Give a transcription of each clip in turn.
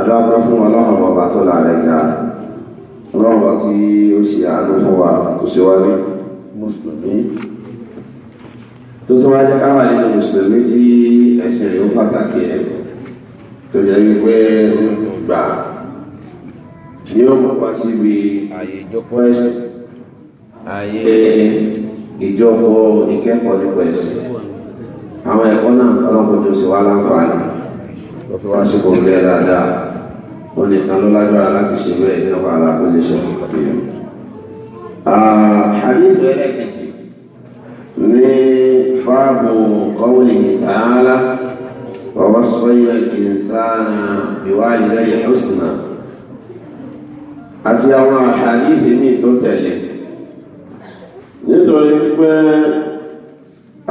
adájọ́ fún ọlọ́run bàbá tó láàrẹ̀ ga ọlọ́run bá tí ó ṣe àánú fún wa tó ṣe wá ní mùsùlùmí tó tó wá jẹ́ káwà nínú mùsùlùmí tí ẹ̀sìn rẹ̀ ó pàtàkì ẹ̀ tó jẹ́ wípé gbà ni ó mú wá síbi àyè ìjọpọ̀ ẹ̀sìn àyè ìjọpọ̀ ìkẹ́kọ̀ọ́ nípa ẹ̀sìn àwọn ẹ̀kọ́ náà ọlọ́run tó ṣe wá láǹfààní tó fi wá sí kò ń gẹ́ dáadáa ó lè san ló lágbára láti ṣe bẹ́ẹ̀ ní ọba àlà ó lè ṣe pé ah, hadith ẹlẹ́kẹ̀jì ní fáàbù qawli ta'ala wa wassayna al-insana biwalidayhi husna àti àwọn hadith mi tó tẹ̀lé nítorí pé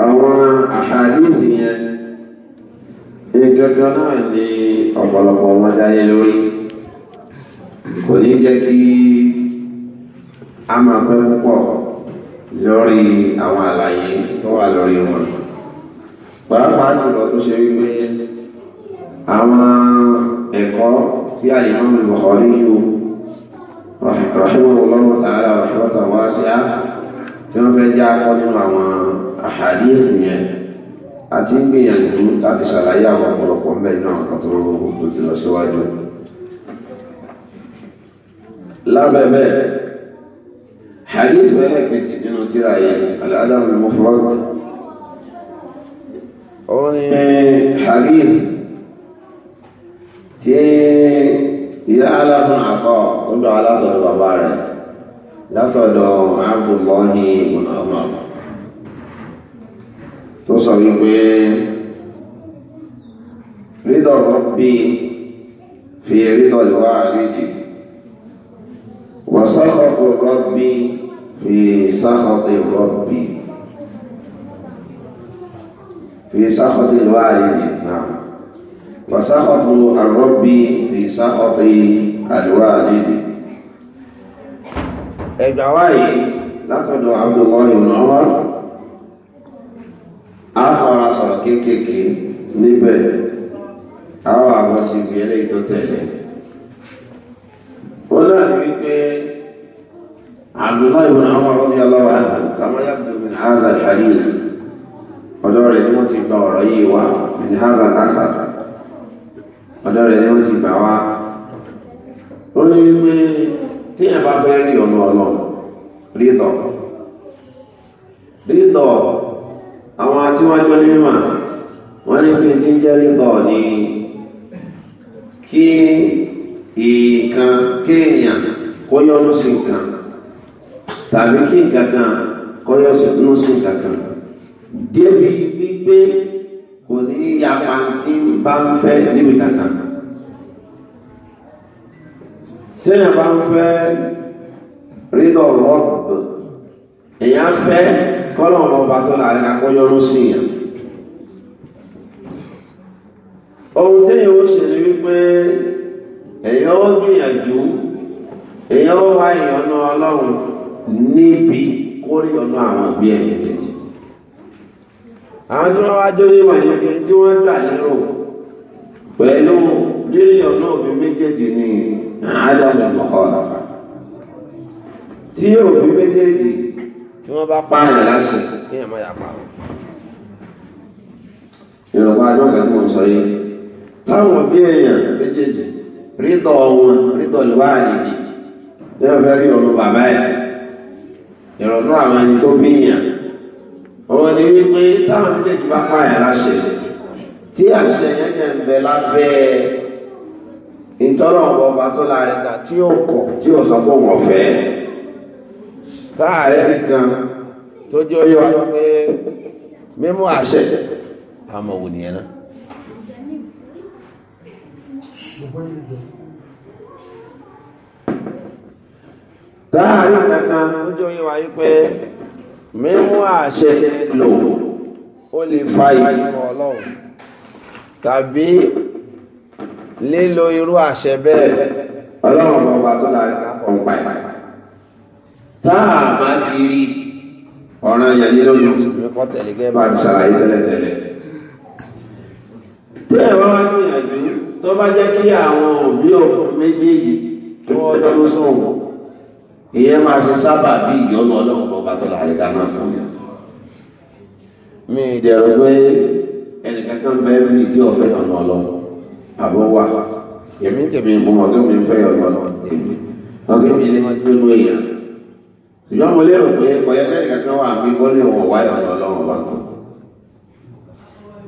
àwọn hadith yẹn ìgangan náà ni ọ̀pọ̀lọpọ̀ wọn dáyé lórí kò ní jẹ́ kí a máa pẹ́ púpọ̀ lórí àwọn àlàyé tó wà lórí wọn pàápàá jùlọ tó ṣe wípé àwọn ẹ̀kọ́ tí àyíkámi Bukhari yóò rahimahullahu ta'ala rahmatan wasi'a tí wọ́n fẹ́ jẹ́ akọ́ nínú àwọn àhàdí ènìyàn àti gbìyànjú láti ṣàlàyé àwọn ọ̀pọ̀lọpọ̀ mẹ́rin náà kan tó lọ síwájú lábẹ́ bẹ́ẹ̀ hadith ẹlẹ́kẹ̀kẹ̀ nínú tíra yìí al-Adab al-Mufrad ó ní hadith tí ìyá aláhùn àkọ́ ó dọ̀ alátọ̀dọ̀ bàbá rẹ̀ látọ̀dọ̀ Abdullahi ibn Umar tó sọ wípé rídọ̀ rọ́bì fi rídọ̀ ìwà àríjì وسخط ربي في سخط ربي في سخط الوالد نعم وسخط الرب في سخط الوالد الدواعي لقد عبد الله بن عمر أخر صلى كيكي نبه أو أبو سيفيري تتلي عبد الله بن عمر رضي الله عنه كما يبدو من هذا الحديث ودور الموت الدوري ومن هذا الأثر ودور الموت البواء ولي تي أبا بيري الله رضا رضا àwọn àtiwájú onímọ̀ wọ́n ní pé tí ń jẹ́ rítọ̀ ní kí ìkan kéèyàn kó yọ́nú sí nǹkan tàbí kí nǹkan kan kọ́yọ́ sí tún sí nǹkan kan débi gbígbé kò ní yapa tí bá ń fẹ́ níbi kankan sẹ́yìn bá ń fẹ́ rídọ̀ rọ́ọ̀bù èèyàn fẹ́ kọ́lọ̀ ọba tó láàrin akọ́yọ́rọ́ sí yẹn ohun téèyàn ó ṣe ni wípé èèyàn ó gbìyànjú èèyàn ó wá ìyọ́nú ọlọ́run níbi kórè ọ̀nà àwọn òbí ẹ̀ méjèèjì. àwọn tí wọ́n wá jó ní ìwà yẹn tí wọ́n gbà lérò pẹ̀lú lílì ọ̀nà òbí méjèèjì ní àádọ́gbọ̀n mọ́kànlá. tí òbí méjèèjì tí wọ́n bá pààyàn láṣẹ kí ẹ̀ má yà pa ọ́. ìrọ̀pá adọ́gà tí wọ́n sọ yìí táwọn òbí èèyàn méjèèjì rídọ̀ wọn rídọ̀ lọ́wọ́ àdìdì ní ọ̀fẹ́ rí ọ̀rọ̀ bàbá ẹ̀ ìrọ̀nú àwọn ẹni tó bíyàn òun ni wípé táwọn méjèèjì bá pààyàn láṣẹ tí àṣẹ yẹn yẹn ń bẹ lábẹ́ ìtọ́lọ̀ ọba tó láàrin ta tí ó kọ̀ tí ó sọ fún wọn fẹ́ táàrẹ́ nìkan tó jẹ́ oyè pé mímú àṣẹ táwọn ọmọ wò nìyẹn náà. sáàárín kankan tó jẹ́ òye wáyé pé mímú àṣẹ lò ó lè fa ìbínú ọlọ́run tàbí lílo irú àṣẹ bẹ́ẹ̀ ọlọ́run ọba tó láàrin kápọ̀ ń pa ẹ̀. táà bá ti rí ọ̀ràn yẹn ní lórí mùsùlùmí kọ́ tẹ̀lé gẹ́gẹ́ bá ti ṣàlàyé tẹ́lẹ̀tẹ́lẹ̀. tí ẹ̀rọ wá gbìyànjú tó bá jẹ́ kí àwọn òbí òkú méjèèjì tí wọ́n jọ lóṣù ìyẹn máa ṣe sábà bí ìyọnu ọlọ́run bọ́ba tó là lè dáná fún yẹn. mi ìdẹ̀rù pé ẹnìkan kan bẹ́ẹ̀ bí tí ọ̀fẹ́ ọ̀nà ọlọ́run àbọ̀ wà èmi tèmi ìbùn ọ̀gá mi fẹ́ ọ̀nà ọlọ́run tèmi ọ̀gá mi lè ti gbé èèyàn. ṣùgbọ́n mo lérò pé ọ̀yẹ́ kẹ́nìkan kan wà mí kó lè wọ̀n wáyà ọ̀nà ọlọ́run ọba kan.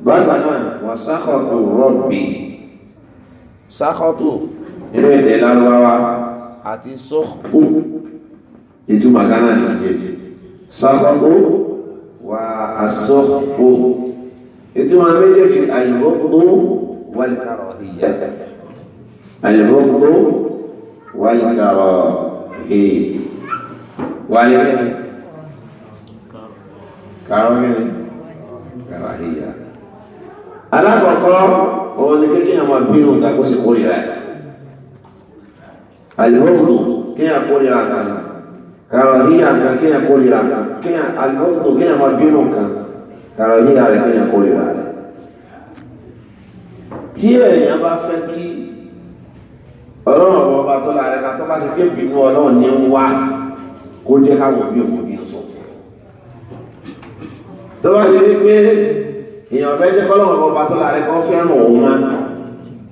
bákan náà wọ́n sákọ̀tù rọ́ọ̀bì sákọ̀tù nínú ìdè lárúbáwá àti sọ́kù itu makanan sababu wa asofku itu mana di al-bughdu wal karahiyah al-bughdu wal karahiyah wal karahiyah karahiyah alakọ̀kọ́ òun ni kékeré àwọn abínú ìdákọ́sí kórìíra ẹ̀ àlùmọ́ọ̀nù kí ni àkórìíra kan que, kàròhíyà que, kéèyàn kórìíra kan que, àlùkò kéèyàn máa bínú kan kàròhíyà rẹ̀ kéèyàn kórìíra rẹ̀. tí èèyàn bá fẹ́ kí ọlọ́run ọba tó lára ká tó bá ti kébìnú ọlọ́run ní ń wá kó jẹ́ káwọn òbí òfin ní sọ tó bá ṣe wípé èèyàn fẹ́ jẹ́ kọ́lọ́wọ́ ọba tó láre kọ́ fẹ́ràn òun mọ́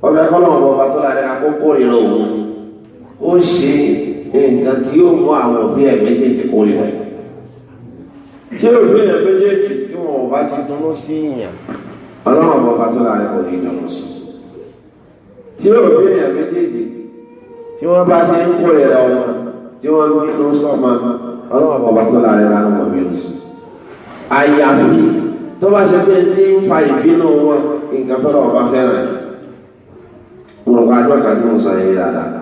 ọbẹ̀ kọ́lọ́wọ́ ọba tó láre kọ́ kórìíra òun ó ṣe nǹkan tí yóò mú àwọn òbí ẹ̀ méjèèjì kó lè wẹ̀. tí òbí ẹ̀ méjèèjì tí wọn ò bá ti dúró sí ìyàn ọlọ́run ọba ọba tó láàrin kò ní dúró sí. tí òbí ẹ̀ méjèèjì tí wọ́n bá ti ń kó ìrẹ̀ ọmọ tí wọ́n ń bínú sọ́mọ ọlọ́run ọba tó láàrin lánàá wọn bínú sí. àyàfi tó bá ṣe pé tí ń fa ìbínú wọn nǹkan tó lọ́wọ́ bá fẹ́ràn. mo rò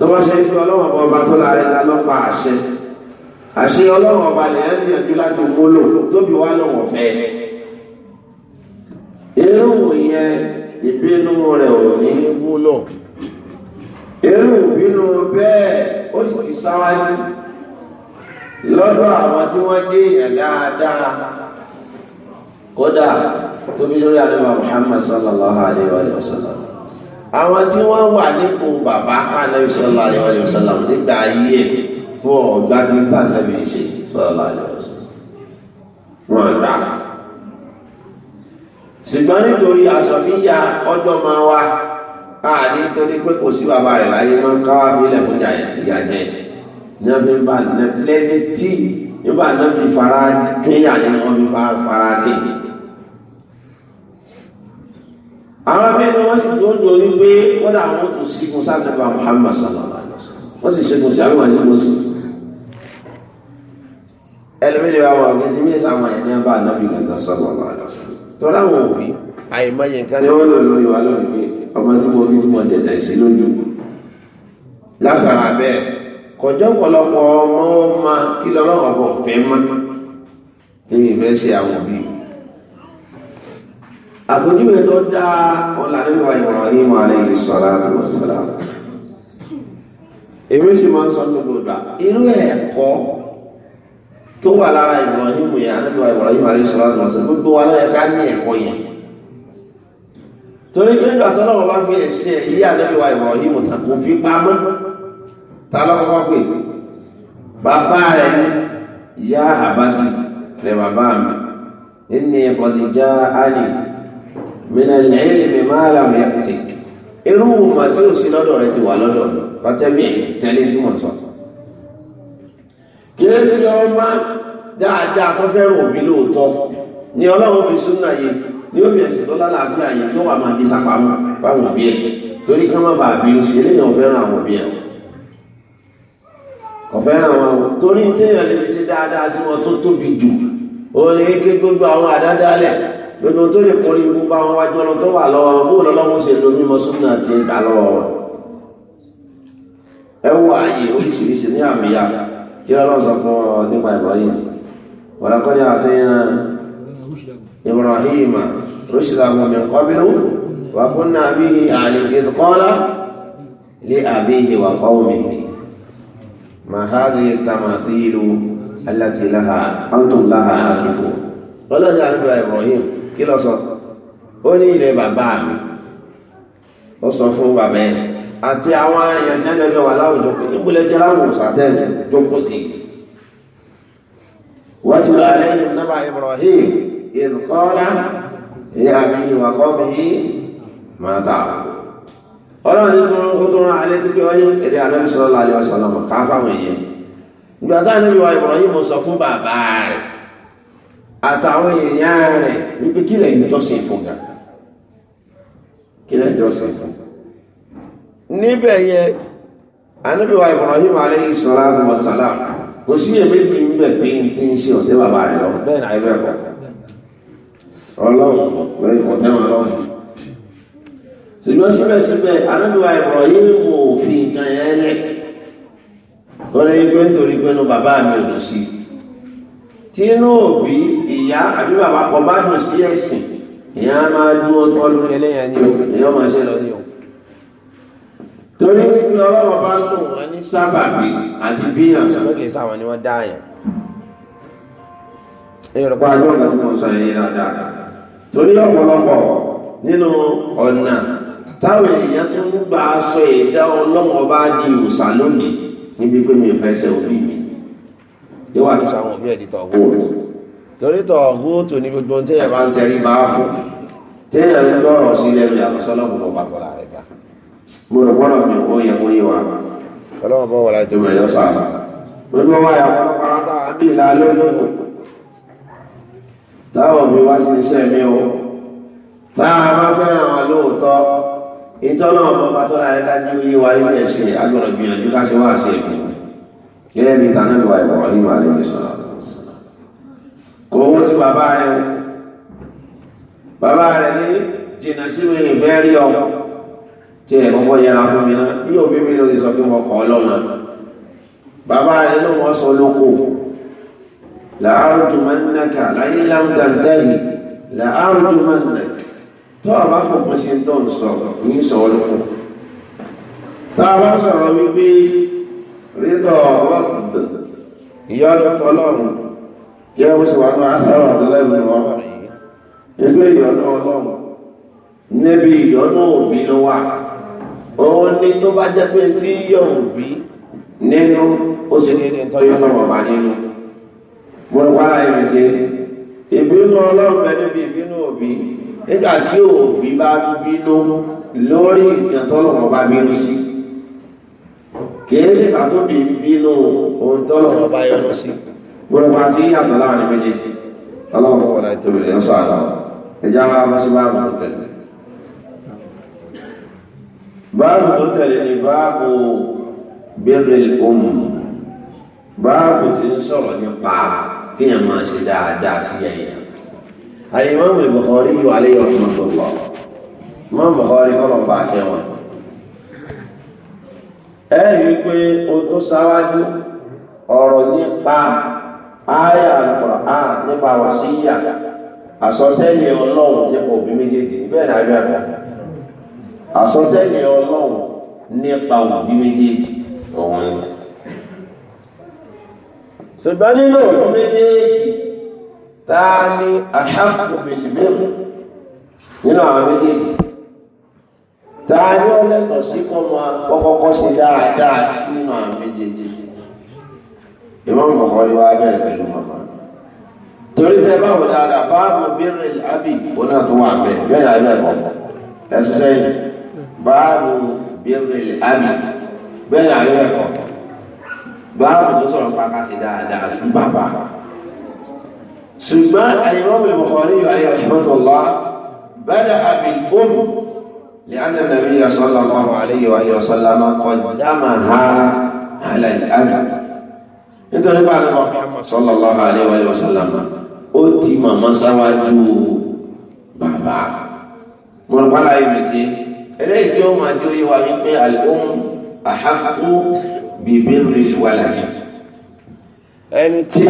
tó bá ṣe ikú ọlọ́wọ́n bá ọba tó lára ẹ̀dá lọ́pa àṣẹ àṣẹ ọlọ́wọ́n ọba lẹ́yìn gbìyànjú láti múlò tóbi wá lọ́wọ́ fẹ́ irú yẹn ìbínú rẹ̀ ò ní múlò irú ìbínú bẹ́ẹ̀ ó sì sáwájú lọ́dọ̀ àwọn tí wọ́n dé èèyàn dáadáa kódà tóbi lórí àdúrà Muhammad sallallahu alayhi wa sallam àwọn tí wọ́n wà nípò bàbá anabi sallallahu alaihi wasallam nígbà ayé ẹ̀ fún ọ̀gbá tí ń tà alaihi wasallam wọn gbà ṣùgbọ́n nítorí àsọ̀bíyà ọjọ́ máa wá káàdé torí pé kò sí bàbá rẹ̀ láyé máa ń káwá fílẹ̀ fún jàjẹ́ níbi bá lẹ́ni tí nígbà náà fi fara kéyà ni wọ́n fi fara kéyà. àwọn abẹ́ni wọ́n ti dùn dùn ní pé wọ́n dà wọ́n tún sí kun sáàdàbà Muhammad sallallahu alaihi wasallam wọ́n sì ṣẹ́gun sí àwọn àṣẹ́gun sí. ẹlẹ́mìlẹ́ wa wà ní sí mílíọ̀sì àwọn àyẹ̀ ní abá anábì gàgà sallallahu alaihi wasallam tọ́lá wọn òbí àìmọye nǹkan ni wọ́n lò lórí wa lónìí pé ọmọ tí mo bí tí mo dẹ̀dẹ̀ sí lójú látara bẹ́ẹ̀ kọjọ́ ọ̀pọ̀lọpọ̀ ọmọ ọmọ kí lọ́lọ́wọ́ ọ̀fẹ́ mọ́ kí ìfẹ́ ṣe àwọn bíi àpèjúwe tó dáa ọ̀làdínwá Ibrahim alayhi salatu wassalam èmi sì máa ń sọ tó gbogbo irú ẹ̀kọ́ tó wà lára Ibrahim yẹn àdínwá Ibrahim alayhi salatu wassalam gbogbo wa lọ́yẹ̀ ká ní ẹ̀kọ́ yẹn torí pé nígbà tó lọ́wọ́ bá fi ẹ̀ṣẹ̀ ilé àdínwá Ibrahim kò fi pamọ́ ta lọ́wọ́ bá pè bàbá rẹ̀ ní yá min al-ilmi ma lam ya'tik irú mà tí ò sí lọ́dọ̀ rẹ ti wà lọ́dọ̀ pàtẹ́mì tẹ́lẹ̀ tí mo sọ. kí ló ti lọ máa dáadáa tó fẹ́ràn òbí lóòótọ́ ni ọlọ́run fi súnà yìí ni ó fi ẹ̀sìn tó lálàáfíà yìí tó wà máa di sápamọ́ báwọn òbí ẹ̀ torí ká má bàa bí oṣù eléyàn ò fẹ́ràn àwọn òbí ẹ̀ kò fẹ́ràn torí téèyàn lè fi ṣe dáadáa sí wọn tó tóbi jù òun ni kékeré gbogbo àwọn àdádálẹ̀ nínú tó lè kọrí ibú bá wọn wájú ọlọ́ tó wà lọ́wọ́ wọn bóòlọ́ lọ́wọ́ ṣe tó mímọ súnà ti ń gbà lọ́wọ́ wọn ẹ wọ ààyè oríṣiríṣi ní àmìyá kí ọlọ́run fún ọ nípa Ibrahim ní Ibrahim Ibrahim kí lọ sọ ó ní ilẹ̀ bàbá mi ó sọ fún bàbá ẹ̀ àti àwọn èèyàn jẹ́jẹ́ bí wà láwùjọ pé níbulẹ̀ jẹ́ láwùn sàtẹ́lẹ̀ jókòó tì wọ́n ti lọ alẹ́ yìí nàbà Ibrahim ìlúkọ́lá ìyá mi ìwàkọ́ mi máa ọlọ́run ní tún ó tún rán alẹ́ tí kí ọyẹ́ èdè àlọ́bí sọ́lá alẹ́ ọ̀sán ọlọ́mọ káfáwọn èèyàn ìgbà táwọn ènìyàn Ibrahim sọ fún bàbá rẹ̀ àtàwọn èèyàn rẹ̀ wípé kílẹ̀ ìjọsìn fún ga kílẹ̀ ìjọsìn fún níbẹ̀ yẹ anábíwá Ibrahim alayhi salatu wa salam kò sí èméjì ń bẹ̀ pé n ti ń ṣe ọ̀tẹ́ bàbá rẹ̀ lọ bẹ́ẹ̀ náà ẹgbẹ́ kọ̀ ọlọ́run lórí ọ̀tẹ́ ọlọ́run ṣùgbọ́n síbẹ̀síbẹ̀ anábíwá Ibrahim wò fi nǹkan yẹn lẹ̀ kọ́lẹ́ yìí pé nítorí pé nu bàbá mi ò lọ sí tinú òbí ìyá àbí bàbá kan bá dùn sí ẹ̀sìn ìyá máa dúró tọ́ lórí ẹlẹ́yà ni o èyí ọmọ ṣe lọ ni o torí wípé ọlọ́wọ́ bá lò wọ́n ní sábàbí àti bíyàn ṣùgbọ́n kì í sáwọn ni wọ́n dá yẹn ní ọ̀rọ̀ pàdé ọ̀gá tí wọ́n sọ yẹn dáadáa torí ọ̀pọ̀lọpọ̀ nínú ọ̀nà táwọn èèyàn tó ń gbà aṣọ ìdá ọlọ́wọ́ bá di ìwòsà lónìí níbi pé mi ò fẹ́ ṣe òbí mi yóò wà ní sáwọn òbí ẹ̀ torí tọ̀ gúútù ní gbogbo téèyàn bá ń tẹrí bá fún téèyàn ń gbọ́rọ̀ sí ilé ìyá sọ́lọ́mù ló bá gbọ́ra rẹ̀ gbà. mo rò gbọ́dọ̀ mi ò yẹ kó yé wa. ọlọ́run bọ́ wọlé tó mọ̀ ẹ̀yọ́ sọ àná. gbogbo wa yà wọ́n pátá àbí ìlà lónìí. táwọn a bá fẹ́ràn wọn lóòótọ́ ìtọ́nà ọmọ pátó láàrin ká ní oyé wa ilé ẹ̀sìn agbọ̀rọ̀ gbìyànjú ká ṣe wá sí ẹ̀fìn. gẹ́gẹ́ bí tànàbí wa ìbọ̀wọ̀ nínú àlejò sọ̀rọ̀ bàbá rẹ o bàbá rẹ ní jìnnà sí mi ìfẹ́ rí ọ tí ẹ kọ́kọ́ yẹra fún mi náà bí òbí mi ló ti sọ pé wọ́n kọ́ ọ lọ́nà bàbá rẹ ló wọ́n sọ lóko làárùtù máa ń nàkà láyé láǹtà dáì làárùtù máa ń nàkà tó a fòpin sí tó ń sọ ní sọ lóko tá a bá sọ̀rọ̀ wípé rídọ̀ ọ̀rọ̀ ìyọ́dọ̀ tọ́lọ́run jẹ́ bó ṣe wà ní asáwà ọ̀dọ́lẹ́bù ni wọ́n ẹgbẹ́ ìyọ́nú ọlọ́run níbi ìyọ́nú òbí ló wà òun ni tó bá jẹ́ pé tí yọ òbí nínú ó sì ní ní tọ́yọ́ lọ́wọ́ bá nínú mo wá ìrìnjẹ ìbínú ọlọ́run bẹ níbi ìbínú òbí nígbà tí òbí bá bínú lórí ìtọ́lọ́wọ́ bá bínú sí kì í ṣe pàtó bí bínú òun tọ́lọ́wọ́ bá yọnu sí gbogbo àti yàtọ̀ láàrin méjèèjì ọlọ́run fún ọ̀la ìtòrò ẹ̀ ń sọ àlọ́ ẹ̀já máa bá sí báàbù tó tẹ̀lé báàbù tó tẹ̀lé ni báàbù bẹ́rẹ̀ ohun báàbù ti ń sọ̀rọ̀ nípa kéèyàn máa ṣe dáadáa sí ẹ̀yà àyèmọ́mù ìbùkọ́rí yóò alẹ́ yọ̀ fún ọ̀tọ̀ lọ mọ́mù ìbùkọ́rí kọ́ lọ́pàá àtẹ̀wọ̀n aya ya nípa wàsíyà àsọtẹ́lẹ̀ ọlọ́run nípa òbí méjèèjì bẹ́ẹ̀ ni àbí àbí àsọtẹ́lẹ̀ ọlọ́run nípa òbí méjèèjì ọ̀hún ni. ṣùgbọ́n nínú òbí méjèèjì tá a ní nínú àwọn méjèèjì tá a ní ọlẹ́tọ̀ sí kọ́kọ́kọ́ sí dáadáa ìmọ̀mù bọ̀kọ́rí wá bẹ̀rẹ̀ pẹ̀lú màmá torí tẹ báwo dáadáa báàbù bírì àbí oná tó wà bẹ̀ bẹ́ẹ̀ ni àbẹ̀ bọ̀ ẹ̀sùn sẹ́yìn báàbù bírì àbí bẹ́ẹ̀ ni àbẹ̀ bọ̀ báàbù tó sọ̀rọ̀ pàkàtì dáadáa sí bàbá ṣùgbọ́n àyẹ̀wòmù bọ̀kọ́rí ayọ̀ ìfọ̀tọ̀lá bẹ́ẹ̀ àbí gbóhùn لأن النبي صلى الله عليه وآله وسلم قدمها على الأب nítorí bá lọ sallallahu alaihi wa sallam ó ti màmá sáwájú bàbá mọ̀nàpálá yìí mi ti eléyìí tí ó máa jó yé wa wípé al-um ahaqqu bi birril walad ẹni tí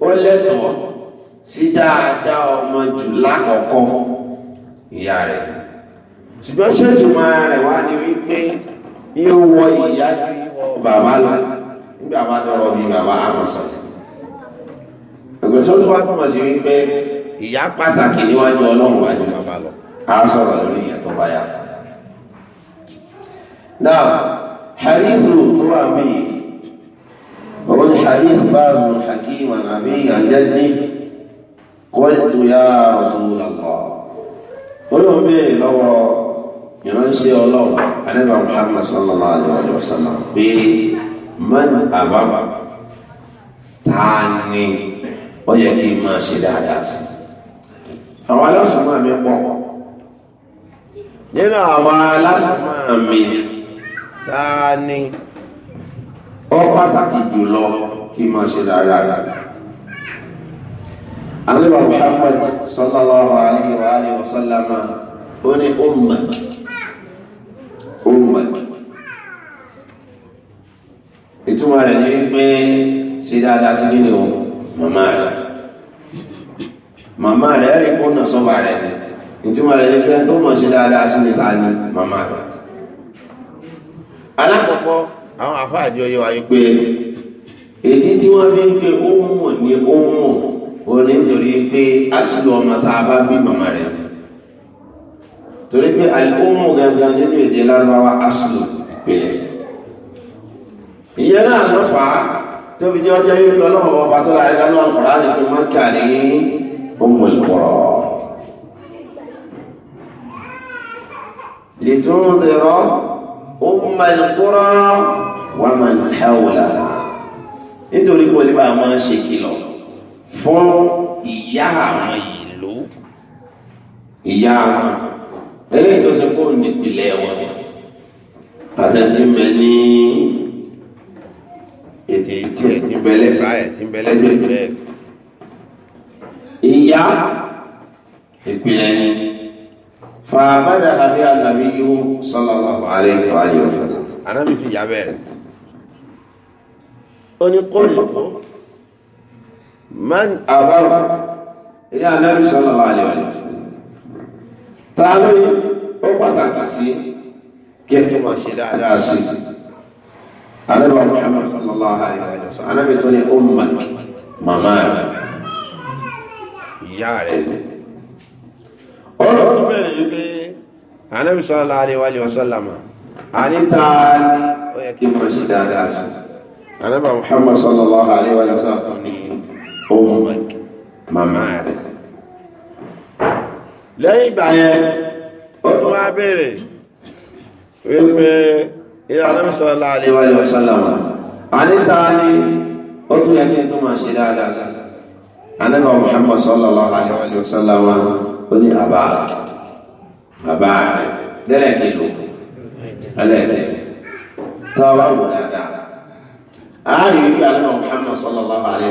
ó lẹ́tọ̀ọ́ sí dáadáa ọmọ jù lákọ̀ọ́kọ́ ìyá rẹ̀ ṣùgbọ́n ṣé rẹ̀ wá ní wípé yóò wọ ìyá ju bàbá lọ nígbà bá dọ̀rọ̀ bí bàbá àmọ̀ sọ̀rọ̀. àgbẹ̀sọ́ tó wá túmọ̀ sí wípé ìyá pàtàkì níwájú ọlọ́run wájú bàbá lọ á sọ̀rọ̀ lórí ìyá tó bá yá. náà hadithu tó wà mí òun hadith báàzù hakim àbí àjẹ́dí kọ́lẹ́tù yá rasulullah. olóhùn bèèrè lọ́wọ́ ìránṣẹ́ ọlọ́run adébàmù hàmà sallallahu alaihi wa mọ́nà àbábà ta ni ó yẹ kí n máa ṣe dáadáa sí. àwọn alásùnmọ́ mi pọ̀ nínú àwọn alásùnmọ́ mi ta ni ó pàtàkì jùlọ kí n máa ṣe dáadáa sí. Ànábì Muhammad sallallahu alayhi wa alihi wa sallama ó ní ó mọ̀ kí. ìtumọ̀ rẹ̀ ni wípé ṣe dáadáa sí nínú o màmá rẹ̀ màmá rẹ̀ ẹ̀rí kó nà sọ́ba rẹ̀ ìtumọ̀ rẹ̀ ni pé tó mọ̀ ṣe dáadáa sí ní ta ni màmá rẹ̀. alákọ̀ọ́kọ́ àwọn àfáàjọ yọ wáyé pé èdè tí wọ́n fi ń pe ohun mọ̀ ní ohun mọ̀ òní nítorí pé aṣílò ọmọ tá a bá bí màmá rẹ̀ torí pé àìkú mú gangan nínú èdè lárúbáwá aṣílò ìpìlẹ̀ ìyẹn náà ló fà á tóbi jẹ́ ọjọ́ yìí lọ lọ́wọ́ ọba tó láàrin lọ́wọ́ ọ̀pọ̀lá ní pé wọ́n kà ní ohun ìpọ̀rọ̀. لتنذر أم القرى ومن حولها nítorí kò lè bá a máa ṣe kìlọ̀ fún ìyá àwọn ìlú ìyá àwọn eléyìí tó ṣe kó nípìnlẹ̀ wọn àtẹ̀tí mẹ́ ètè tiẹ̀ ti bẹ̀lẹ̀ báyẹ̀ ti bẹ̀lẹ̀ bẹ̀rẹ̀. ìyá ìpìlẹ̀ ni fàbádà àbí ànàbí yóò sallallahu alaihi wa sallam. ànábì fi yà bẹ́ẹ̀. ó ní kóòlù tó man àbáwọ̀ ilé ànábì sallallahu alaihi wa sallam. ta ló ó pàtàkì sí kí ẹ tó máa ṣe dáadáa sí i anabi muhammad sallallahu alayhi wa sallam anabi tó ní ummak màmá rẹ ìyá rẹ ọ̀rọ̀ tó bẹ̀rẹ̀ yìí pé anabi sallallahu alayhi wa sallam àní taani ó yẹ kí n máa ṣe dáadáa sí anabi muhammad sallallahu alayhi wa ní ummak màmá rẹ lẹ́yìn ìgbà yẹn ó tún wá béèrè wípé ilé Ànábì sallallahu alaihi wa sallam àníta ni ó tún yẹ kí n tó máa ṣe dáadáa sí Ànábì Muhammad sallallahu alaihi wa sallam ó ní àbá àbá lẹ́lẹ́kẹ̀ ló lẹ́lẹ́kẹ̀ táwa wò dáadáa àárín ibi Ànábì Muhammad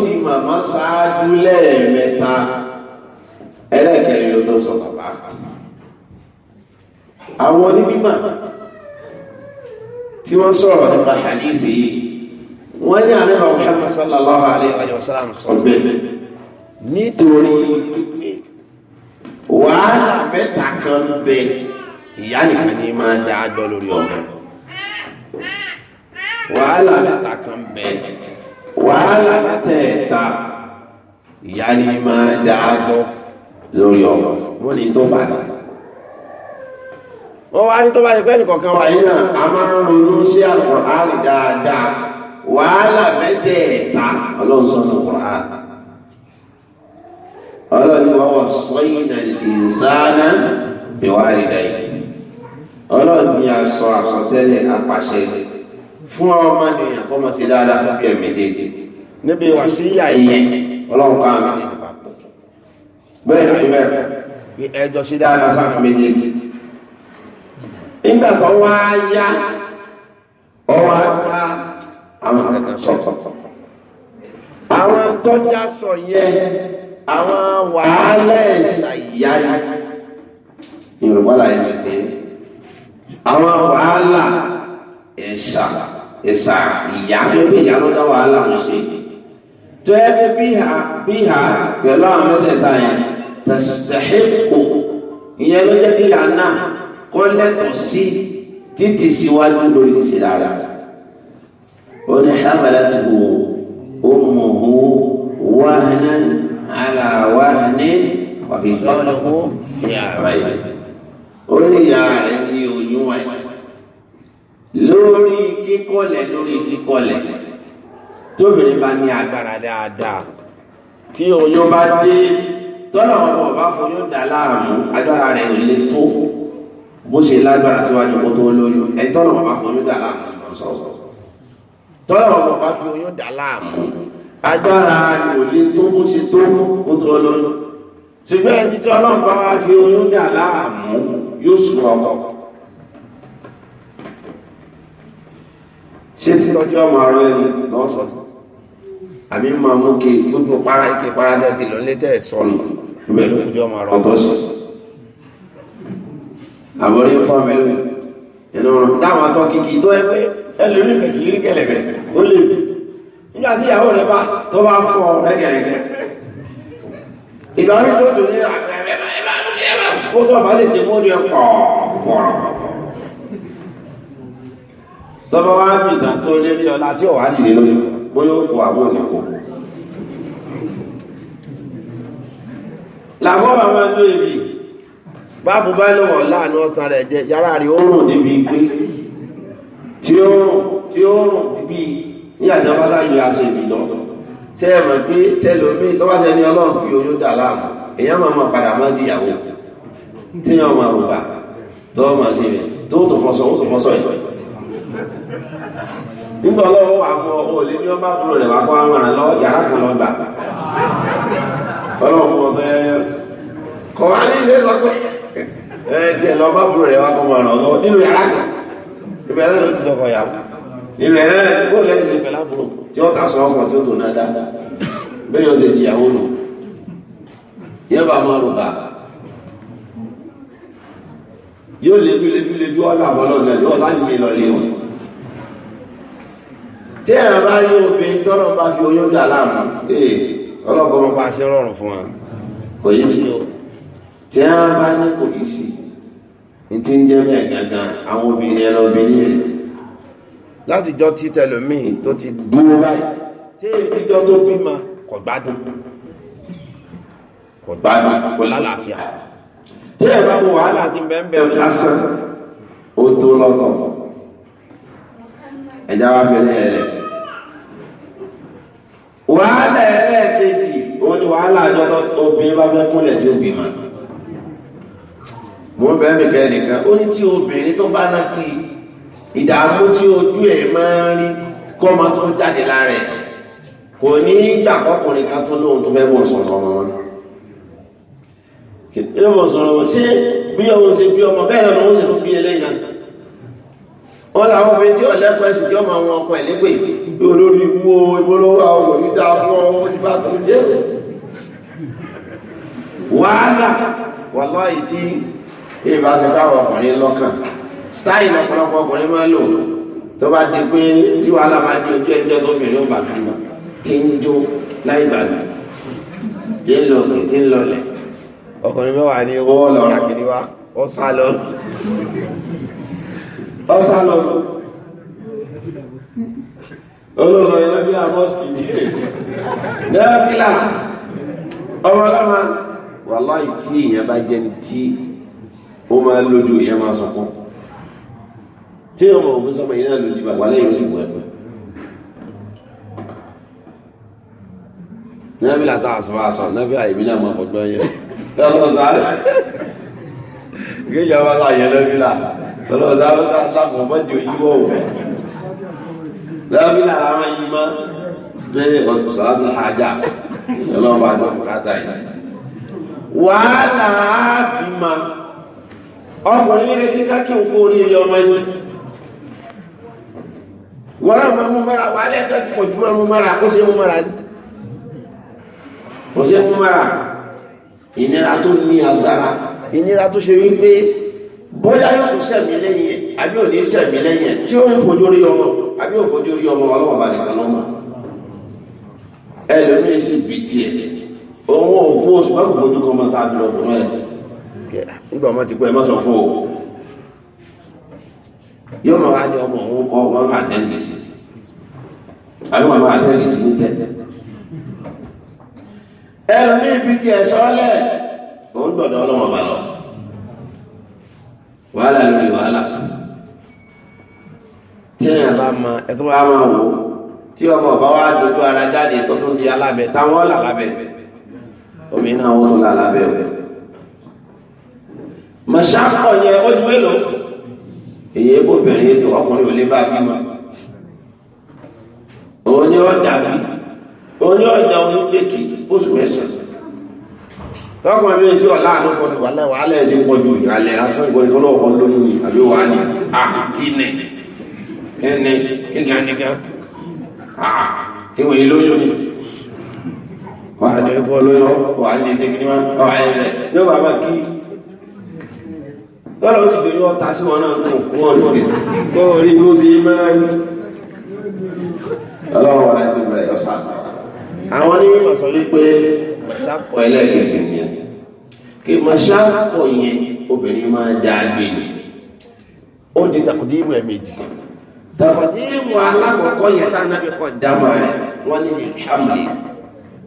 ti màmá ṣáájú lẹ́ẹ̀mẹ́ta ẹlẹ́kẹ̀rin ló tó sọ bàbá àwọn onímọ̀ tí wọ́n sọ̀rọ̀ nípa hadithi yìí wọ́n ní àníbà Muhammad sallallahu alayhi wa sallam sọ bẹ́ẹ̀ nítorí wàhálà mẹ́ta kan bẹ ìyá nìkan ní máa dá a lórí ọmọ wọ́n ní tó bá a ó wá ní tó bá ti pẹ́ nìkọ̀ọ̀kan wà yìí náà a máa ń ronú sí àlùkùránì dáadáa wàhálà mẹ́tẹ̀ẹ̀ta ọlọ́run sọ ní kùránì ọlọ́run wà wà sọ́yìnà ìsáná ìwádìí ọlọ́run ni a sọ àsọtẹ́lẹ̀ apàṣẹ fún ọmọ nìyàn kọ́ sí dáadáa sókè ẹ̀mẹ́dẹ́gbẹ́ níbi wàsíyà yẹn ọlọ́run kọ́ àmì bẹ́ẹ̀ ni bẹ́ẹ̀ ẹjọ́ sí dáadáa sókè ẹ̀mẹ́dẹ́gbẹ́ nígbà tó wá yá ọwọ́ apá àwọn kankan sọ. àwọn tọ́já sọ yẹn àwọn wàhálà ẹ̀sà ìyá yìí yorùbá láyé mi ti àwọn wàhálà ẹ̀sà ẹ̀sà ìyá yorùbá ìyá ló dá wàhálà wọn ṣe tó yẹ kí bíhà bíhà pẹ̀lú àwọn mẹ́tẹ̀ẹ̀ta yẹn tẹ̀sítẹ̀hẹ́kù ìyẹn ló jẹ́ kí yàrá náà kó lẹ́tọ̀ọ́ sí títí síwájú lórí ìṣe rárá ó ní hamalatuhu ummuhu wahnan ala wahnin wàbí sọ́lọ́kọ́ yàrá yìí ó ní yàrá rẹ̀ ní oyún wáyé lórí kíkọ́lẹ̀ lórí kíkọ́lẹ̀ tóbìnrin bá ní agbára dáadáa tí oyún bá dé tọ́lọ̀ ọmọ ọba fún yóò láàmú agbára rẹ̀ ò lè tó bó ṣe lágbára síwájú kó tó lóyún ẹ tọ́lọ̀ bàbá fún oyún dà láàmú lọ sọ̀rọ̀ tọ́lọ̀ bàbá fún oyún dà láàmú agbára ni ò lè tó bó ṣe tó kó tó lóyún ṣùgbọ́n ẹni tí ọlọ́run bá wá fi oyún dà láàmú yóò sùn ọkọ̀ ṣé títọ́jú ọmọ ọ̀rọ̀ ẹni lọ́sọ̀ àbí máa mú kí gbogbo para ike para jẹ́ ti lọ létẹ̀ sọnù ìbẹ̀lú kújọ́ ọmọ ọ̀rọ̀ ọ̀tọ̀ sọ̀rọ̀ àbọ̀rí fún mi lónìí ẹnu ọ̀rọ̀ táwọn atọ́ kìkì tó ẹ pé ẹlòmí kẹ̀kì rí kẹlẹ̀kẹ̀ ó lè bí nígbà tí ìyàwó rẹ bá tó bá fọ rẹ́gẹ̀rẹ́gẹ́ ìgbà orí tó tò ní kó tó bá lè ti mú ní ọ̀pọ̀ pọ̀rọ̀ tọ́ba wá bí ìtàn tó lé ní ọlá tí ọ̀wá dìde lórí báàbù bá lọ́wọ́ láàánú ọ̀tàn rẹ̀ jẹ yàrá rẹ̀ ó rùn níbi pé tí ó rùn tí ó rùn bí ní àjẹmọ́lá yọ aṣọ ìbí lọ ṣé ẹ mọ̀ pé tẹlomi tó bá ṣe ní ọlọ́run fi oyún dà láàmú èèyàn máa máa padà máa dìyàwó téèyàn máa rò bá tó máa ṣe rẹ̀ tó tó fọ́sọ ó tó fọ́sọ ìtọ́ nígbà ọlọ́wọ́ àpò òòlé ní ọba àbúrò rẹ̀ wá kó àwọn àràn lọ yàrá kan lọ gbà ọlọ́wọ́ ọ̀tọ̀ ẹ̀ kọ̀ wá ní ilé lọ pé ẹ̀ẹ́dẹ̀ lọ bá rẹ̀ wá kọ́ mọ̀ ọ̀rọ̀ nínú yàrá kan ìgbà ẹ̀rẹ́ ti sọ fọ yàwó ìgbà ẹ̀rẹ́ bó ti pẹ̀lá búrò tí ó ta ọkọ̀ tí ó tò náà dáadáa bẹ́ẹ̀ ọ̀sẹ̀ ìyàwó nù yẹ́ máa rò bá yóò lébi lébi lébi ọ̀là àbọ̀lọ́dún ẹ̀ yóò láti lè lọ wọn tí ẹ bá rí obìnrin tọ́lọ́ bá fi oyún dà láàmú ee ọlọ́gbọ́n bá ṣe rọrùn fún wa kò yí sí o tí ẹ bá ní kò yí sí ìtí ń jẹ́ bẹ́ẹ̀ gangan àwọn obìnrin ẹran obìnrin rẹ̀ látijọ́ tí tẹlòmíì tó ti dúró báyìí tí ìdíjọ́ tó bímọ kò gbádùn kò gbádùn kò lálàáfíà tí ẹ̀ bá mú wàhálà ti bẹ́ẹ̀ lásán ó tó lọ́tọ̀ ẹ̀já wa fẹ́lẹ́ rẹ̀ wàhálà ẹlẹ́ẹ̀kejì ó ní wàhálà àjọ tó obìnrin bá fẹ́ kúnlẹ̀ tí ó bímọ. mo ń bẹ́ẹ̀ nìkan ẹnìkan ó ní tí obìnrin tó bá ti ìdààmú tí ojú ẹ̀ máa ń rí kọ́ ọmọ tó ń jáde lára kò ní gbà kọkùnrin kan tó lóhun tó fẹ́ sọ̀rọ̀ ọmọ wọn. sọ̀rọ̀ wọn ṣé bí ọmọ ṣe bí ọmọ bẹ́ẹ̀ lọ́nà wọ́n tó bí eléyìí náà. wọ́n làwọn obìnrin tí ọ̀lẹ́kùn ẹ̀sìn tí ọmọ àwọn ọkọ ẹ̀ olórí ikú o ìgbólówó àwọn ọmọ bí ìbá ti káwọn ọkùnrin lọ́kàn stáì lọ́pọ̀lọpọ̀ ọkùnrin máa lò tó bá di pé tí wàhálà máa di ojú ẹjọ́ tó mìíràn bá fi mọ́ tí ń jó láì bàbí tí ń lọ òkè tí ń lọlẹ̀ ọkùnrin mẹ́wàá ní owó lọ́ra kiri wá ó sá lọ ó sá lọ olóòrò ẹ̀rọ bí àmọ́sì ní ẹ̀kọ́ ọmọ ọlọ́mọ wàláì tí èèyàn bá jẹ́ni tí ó máa lójú ìyẹn máa sọ fún tí ọmọ òun sọmọ yìí náà lójú bàbá lẹ́yìn oṣù wọ ẹgbẹ́ nàbílà tá a sọ fún aṣọ nàbílà ìbí náà máa fọgbọ́n yẹn lọ́wọ́ sáré kéjà bá sọ àyẹ̀lẹ́ bílà lọ́wọ́ sáré sáré lápò mọ́jì ojúbọ̀ wò lọ́wọ́ bílà làwọn yìí máa bẹ́ẹ̀ ọ̀tún sọ́látù àjà ọlọ́wọ́ bá jọ bùkátà ọkùnrin retí káàkì òkú orí ilé ọmọ yìí wọ́n náà máa mú mara wà lẹ́ẹ̀kan tí kò jú máa mú mara kó ṣe mú mara ní kò ṣe mú mara ìnira tó ní agbára ìnira tó ṣe wípé bóyá yóò tó sẹ̀mí lẹ́yìn àbí ò ní sẹ̀mí lẹ́yìn tí ó ń fojú orí ọmọ àbí ò fojú orí ọmọ ọlọ́wọ́ balẹ̀ kan lọ́mọ ẹlòmíín sì bìtì ẹ̀ òun ò fún oṣù mẹ́kùn fojú kan mọ́ta bí ọkùnrin ẹ̀ nígbà ọmọ ti pẹ́ mọ́ sọ fún o yóò máa wá ní ọmọ òun kọ́ wọn máa tẹ́lẹ̀ sí àbí wọn máa tẹ́lẹ̀ sí ní tẹ́lẹ̀ ẹ̀rọ ní ibi tí ẹ̀ sọ́lẹ̀ òun gbọ́dọ̀ ọlọ́wọ́n bá lọ wàhálà lórí wàhálà tí èèyàn bá ma ẹtú wa máa wò tí ọmọ ọba wa dojú ara jáde tó tún di alábẹ táwọn là lábẹ omi náà wọn tún là lábẹ o. mọ̀ṣáàpọ̀ yẹn ó ju mélòó èyí ebóbìnrin ètò ọkùnrin ò lè bá bímọ òun ni ó dàbí òun ni ó dà oyún gbèkì oṣù mẹ́sàn-án tọkùnrin mi tí ọ̀la àná kan wà láwọn alẹ́ ìhàlẹ̀ lásán ìgbọ́n ọkọ̀ lóyún ni àbí wọ́n lóyún ni jẹ́ lóyún yẹ lọ́la ó sì dojú ọta sí wọn náà fún wọn lórí kó orí ló fi máa ń ọlọ́run wà láti bẹ̀rẹ̀ ọ̀sà àwọn ní mímọ̀ sọ wípé mọ̀ṣákọ̀ ẹlẹ́ẹ̀kejì ni kí mọ̀ṣákọ̀ yẹn obìnrin máa dá gbèrè ó di tàkùdíìmù ẹ̀ méjì tàkùdíìmù alákọ̀ọ́kọ́ yẹn tá a nábì kọ́ dámà rẹ̀ wọ́n ní ìhàmì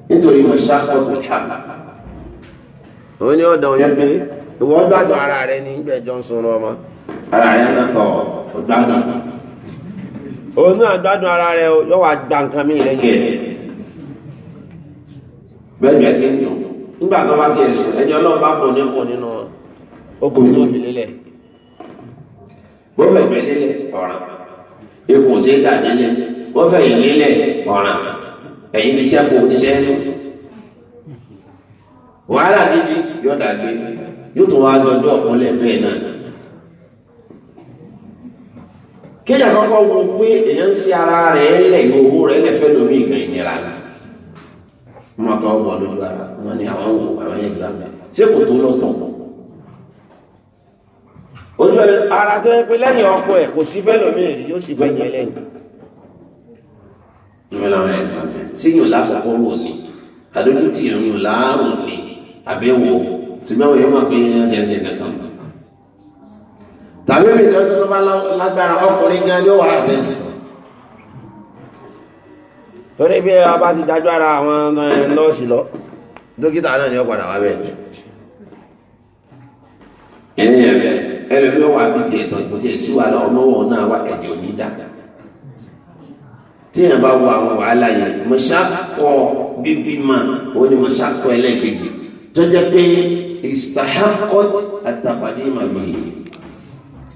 nítorí mọ̀ṣákọ̀ tó hàm. ó ní ọ̀dà ìwọ gbádùn ara rẹ ní ìgbẹ́jọ́ ń sunrun ọmọ. ara rẹ ń tọ̀ ọ gbádùn. òun náà gbádùn ara rẹ yóò wá gba nǹkan mí lẹ́yìn ẹ̀. bẹ́ẹ̀ ti ń yàn. nígbà tó bá ti ẹ̀ sùn ẹni ọlọ́run bá bọ̀ nípò nínú okùnrin tó fi lélẹ̀. wọ́n fẹ́ lélẹ̀ ọ̀ràn. ikùn sí dà nílẹ̀ wọ́n yìí lélẹ̀ ọ̀ràn. ẹ̀yin ti ṣẹ́kù ti ṣẹ́ wàhálà gidi yóò dàgbé yóò tún wá dọjọ́ ọ̀pọ̀lẹ̀ bẹ́ẹ̀ náà kéjà kọ́kọ́ wo pé èèyàn ń ara rẹ̀ lẹ̀ owó rẹ̀ lẹ̀ fẹ́ lómi ìgbà ìnira ni wọn kọ́ ọ̀bọ̀ lójú ara wọn ni àwọn wò àwọn yẹn gbàgbé ṣé kò tó lọ́tọ̀ ojú ara tó ń pe lẹ́yìn ọkọ ẹ̀ kò sí fẹ́ lómi ìrìn yóò sì fẹ́ yẹn lẹ́yìn ìmọ̀lára ẹ̀fà sí yòó lákòókò wò ni àdójútì yòó láàrùn ni àbẹ́wò ṣùgbọ́n àwọn èèyàn máa pè é ẹ̀jẹ̀ ṣe kankan. tàbí mi lọ́jọ́ tó bá lágbára ọkùnrin gan ni ó wà á tẹ̀ torí bí a bá ti dájú ara àwọn eh, nọ́ọ̀sì lọ dókítà náà ni ó padà wá bẹ́ẹ̀. ẹnìyàn bẹ́ẹ̀ ẹlòmí wà bí tiẹ̀ tán ìbò tiẹ̀ sí wa lọ ọmọwọ́ náà wá ẹ̀jẹ̀ òní dà téèyàn bá wọ àwọn wàhálà yẹn mọ̀ṣákọ̀ bíbí mà ó ní mọ̀ṣákọ̀ ẹlẹ́kejì tó jẹ́ pé istahakot atakadima bihi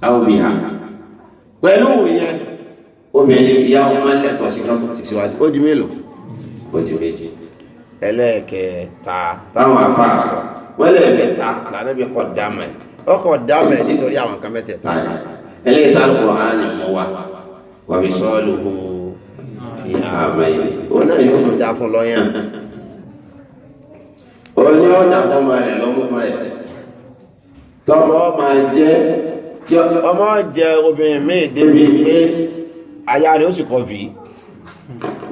awubiha pẹ̀lú yẹn obìnrin ìyá ọmọ lẹ́tọ̀ọ́ sí kan tó ti síwájú ó di mélòó ó di méjì ẹlẹ́ẹ̀kẹta táwọn afa sọ wẹ́lẹ̀ mẹ́ta lànà bí kò dámẹ̀ ọkọ̀ dámẹ̀ nítorí àwọn kan mẹ́tẹ̀ẹ̀ta yẹn ẹlẹ́ẹ̀ta Al-Qur'an mọ́ wa wàmísọ́ọ̀lù kò ní àmẹ́yìn ó náà yóò tún dá fún lọ́yàn oní ọ̀nà ọmọ rẹ̀ lọ́mú fún rẹ̀ tọmọ máa jẹ tí ọmọ jẹ obìnrin míì débi pé aya rẹ̀ ó sì kọ fìí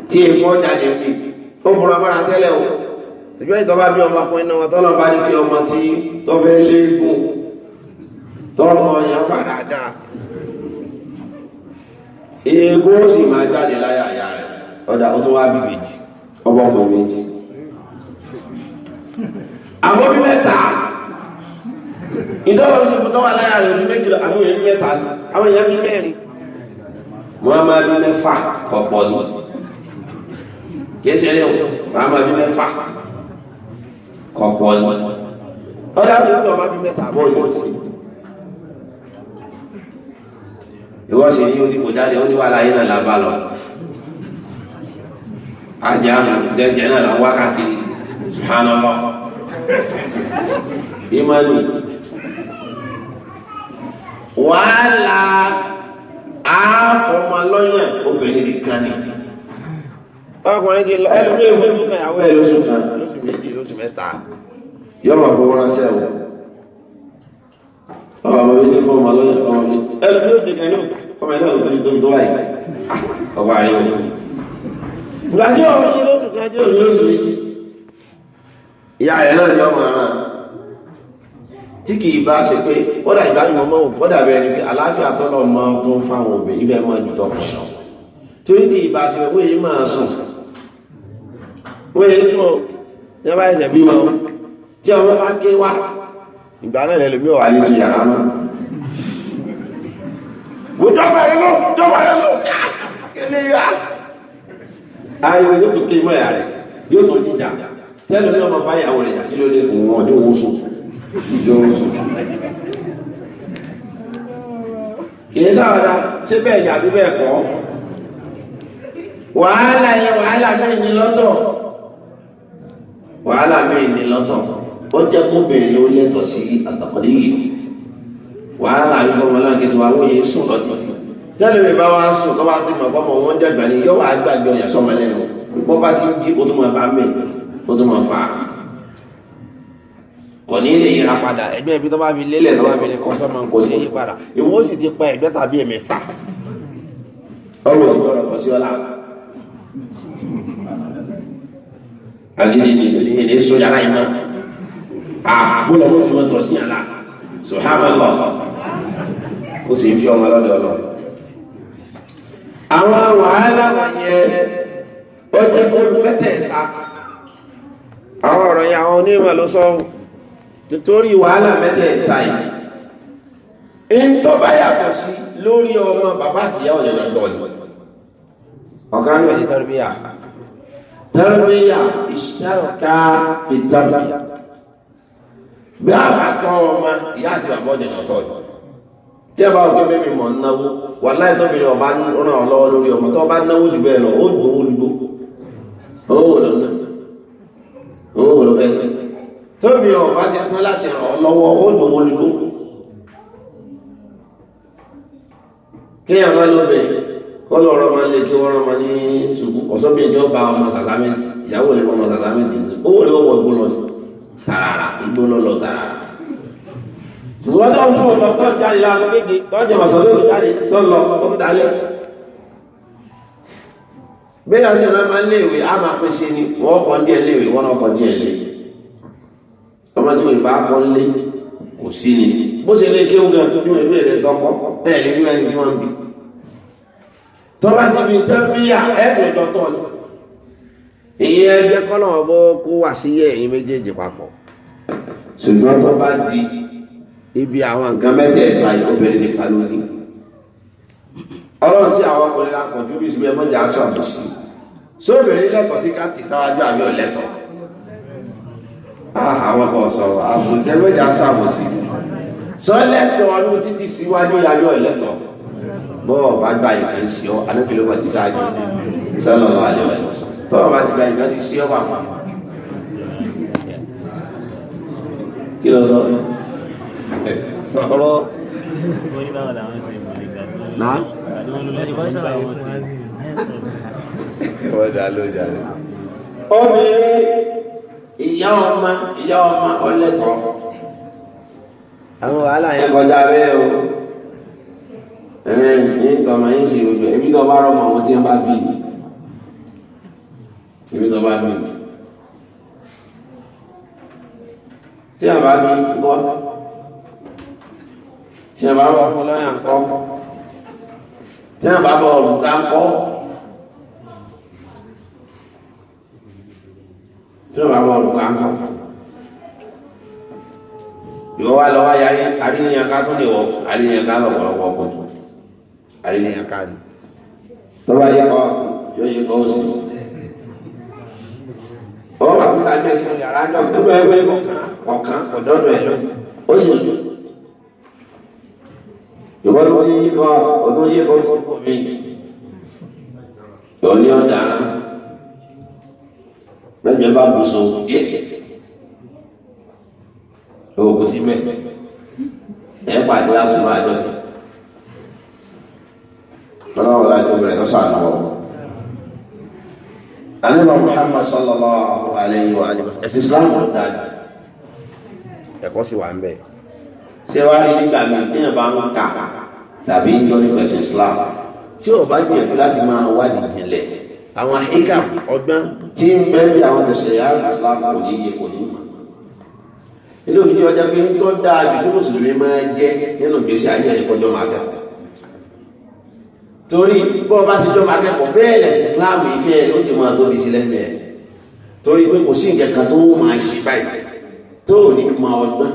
tí èkó jáde bí ó bùrọ̀ bára tẹ́lẹ̀ o ìjọ ìtọ́ba bí ọmọ akọrin náà tọ́lọ̀ bá ní kí ọmọ tí tọ́fẹ́ léegun tọ́mọ yẹn padà dáa èkó sì máa jáde láyà aya rẹ̀ ọ̀dà ó tún wá bí méjì ọmọkùnrin méjì àwọn bí mẹ́ta ìdọ́wọ́n sí fún tọ́wà láyà rẹ̀ bí méjìlá àwọn èèyàn bí mẹ́ta àwọn èèyàn bí mẹ́rin wọ́n á máa bí mẹ́fà pọ̀pọ̀ ni kìí ṣe eré o wọ́n á máa bí mẹ́fà pọ̀pọ̀ ni ọ̀dà mi ń tọ́ máa bí mẹ́ta àbọ̀ yóò sí ìwọ́ ṣe ní ojú kò jáde ó ní wàhálà yìí náà làbá lọ ajá jẹjẹ náà làwọn wákàtí subhanallah imanu wàhálà àfọmọlọ́yìn obìnrin nìkan ni ọkùnrin ti lọ ẹlòmí ìwé fún ìyàwó ẹ lóṣù kan lóṣù méjì lóṣù mẹ́ta yọmọ àfọwọ́ ránṣẹ́ wọ ọmọ ọmọ méjì fún ọmọ lọ́yìn ọmọ mi ẹlòmí ò dènà ní ọmọ ẹlòmí ò dènà tó ń tó wáyé ọba àríwá. ìgbàjọ́ ọ̀rọ̀ yìí kan jẹ́ òní méjì ìyá rẹ̀ náà ni ọmọ ara tí kì bá ṣe pé kódà ìgbàlù mọ́mọ́ òun kódà bẹ́ẹ̀ ni pé aláàfíà tọ́lọ̀ mọ́ tó ń fáwọn òbí ibẹ̀ mọ́ ju tọkùn lọ torí tí ìbá ṣe wọ́n yìí máa sùn wọ́n yìí sùn ní ọba ẹ̀sẹ̀ bímọ tí ọmọ bá ké wá ìgbà náà lẹ́lẹ́mí ọ̀wà ní ti yàrá mọ́ wùdọ́bẹ̀rẹ̀ ló dọ́bẹ̀rẹ̀ ló kí ni yá. ariwo yóò tún ké mọ́ ẹ̀ rẹ̀ yóò tún jíjà tẹ́lẹ̀ ní ọmọ báyàwó rẹ̀ yà kí ló dé òun ọjọ́ òun sùn ọjọ́ òun sùn. kì í sáwọ́dá ṣé bẹ́ẹ̀ yà bí bẹ́ẹ̀ kọ́ wàhálà yẹn wàhálà náà ní lọ́tọ̀ wàhálà míì ní lọ́tọ̀ ó jẹ́ kóbìnrin ó lẹ́tọ̀ sí àtàkọ́lé yìí wàhálà yìí kọ́ wọn láǹkì sí wa wọ́n yìí sùn lọ́tì tẹ́lẹ̀ mi bá wá sùn tó bá ti mọ̀ kọ́mọ wọn jẹ́ gbàlẹ́ yọ wàá gbàgbé ọ̀yà sọ́mọ lẹ́nu bó bá ti ń jí o tó mọ̀ bá ń bẹ̀rẹ̀ ó tún máa fà á kò ní lè yíra padà ẹgbẹ́ ibi tó bá fi lélẹ̀ tó bá fi lè kọ́ sọ́mọ kò sí yí padà ìwọ ó sì ti pa ẹgbẹ́ tàbí ẹ̀mí fà ọ̀rọ̀ sí ọ̀rọ̀ kọ sí ọ̀la àdídì ni èdè sójà láì mọ́ àbúlọ̀ ó sì mọ́ tọ̀ sí yàrá subhanallah ó sì fi ọmọ lọ́dọ̀ lọ. àwọn wàhálà wọ̀nyẹn ó jẹ́ kó mẹ́tẹ̀ẹ̀ta àwọn ọ̀rọ̀ yẹn àwọn onímọ̀ ló sọ nítorí wàhálà mẹ́tẹ̀ẹ̀ta yìí in tó bá yàtọ̀ sí lórí ọmọ bàbá àtìyá ọ̀yọ̀ lọ́dọ̀ ni ọ̀gá ní ọ̀dí tẹ́rẹ̀bíyà tẹ́rẹ̀bíyà ìṣẹ́rọ̀ká ìtàbí bí a bá tọ́ ọmọ ìyá àti bàbá ọ̀dẹ̀ lọ́tọ̀ ni ọmọ tó owó wò ló fẹ́ tóbi ọba ṣe tán láti ràn ọ́ lọ́wọ́ ó dùn wọn lulú kí ẹ̀ máa lóbẹ̀ kó lọ ọ̀rọ̀ máa lè kí wọ́n rán ma ní ṣùkú ọ̀sọ́bìn tí ó ba ọmọ sàlámẹ́tì ìyàwó lè bọ́ ọmọ sàlámẹ́tì owó lè wọ̀ lọ tààrà igbó lọ lọ tààrà ṣùgbọ́n tó ń tún ọ̀dọ́ tó ń jáde láago méje tó ń jẹ màsán lóòótọ́ jáde tó ń lọ ó ń dalẹ̀ gbé àti ọ̀nà máa léèwé á máa pín sí ni wọ́n díẹ̀ léèwé wọ́n náà díẹ̀ lé ọmọ tí wọ́n ìbá kọ́ lé kò sí ni bó ṣe lé kéwù gan tí wọ́n ìlú èdè bẹ́ẹ̀ bí wọ́n ti wọ́n tọ́ba níbi tẹ́bíyà ni ìyẹn ẹgbẹ́ kọ́nà ọ̀bọ kó wà sí ẹ̀yìn méjèèjì papọ̀ ibi àwọn nǹkan mẹ́tẹ̀ẹ̀ta ọlọ́run sí àwọn ọkùnrin la pọ̀jú bí ìṣúgbẹ́ mọ́jà aṣọ àbùsùn sóbìnrin lẹ́tọ̀ sí káàtì sáwájú àbí ọ̀lẹ́tọ̀ ah, àwọn kan sọ̀rọ̀ àbùsẹ́ mọ́jà aṣọ àbùsùn sọ lẹ́tọ̀ ọdún títí síwájú àbí ọ̀lẹ́tọ̀ bọ́ọ̀ bá gba ìpè ń sí ọ anúpilọ́gbọ̀ ti sáájú sọ́nà ọ̀la àlẹ́ tọ́ọ̀ bá ti gba ìgbà ti sí ọ wà kí lọ sọ sọ̀rọ̀ wọ́n dá ló jáde. obìnrin ọlẹ́tọ̀ àwọn wàhálà yẹn kọjá bẹ́ẹ̀ o ẹ̀ẹ́n yín tọ́mọ yín ṣe gbogbo ẹ̀bí tó bá rọmọ àwọn tí wọ́n bá bí ẹ̀bí tó bá bí tí wọ́n bá bí gbọ́ tí wọ́n bá wà fún lọ́yà ńkọ́ tí wọ́n bá bọ̀ ọ̀rùn ká ń kọ́ tí wọ́n bá bọ̀ ọ̀rùn ká ń kọ́ ìwọ wa lọ wá yarí àríyàn ká tó lè wọ àríyàn ká lọ̀pọ̀lọpọ̀ ọkọ̀ àríyàn ká ni tó bá yẹ kọ́ yóò yẹ kọ́ òsì ọ̀rọ̀ àti ìdájọ́ ìṣòro yàrá náà ọ̀dọ́dọ̀ ẹ̀ ó sì lọ ìwọ́n tó ọdún yíbọ sípò mi yọ ní ọ̀dà rán mẹ́jọ bá bùsọ yé òkú sí mẹ́ ẹ̀ pàdé lásùnmọ́ àjọ mi ọlọ́run láti bẹ̀rẹ̀ lọ́sọ̀ àná ọ̀ anima Muhammad sallallahu alayhi wa sallam ẹ̀sìn Islam ló dáa ẹ̀kọ́ sì wà ń bẹ̀ẹ́ ṣé wàá rí nígbà míì téèyàn bá ń kà tàbí ń jọ ní pẹ̀sìn Islam tí ò bá gbìyànjú láti máa wádìí ìjìnlẹ̀ àwọn àyíká ọgbọ́n tí ń bẹ́ẹ̀ bí àwọn tẹ̀sẹ̀ yá Islam kò ní yẹ kò ní mọ̀ ilé òjijì ọjà pé ń tọ́ dáa ju tí mùsùlùmí máa jẹ́ nínú ìgbésí ayé ẹni kọjọ́ máa ga torí bọ́ ọ bá ti jọ́ máa kẹ́kọ̀ọ́ bẹ́ẹ̀ lẹ̀sìn Islam ìfẹ́ ẹ̀ ló sì máa tóbi sí lẹ́nu ẹ̀ torí pé kò sí nǹkan tó máa ṣe báyìí tó ní máa ọgbọ́n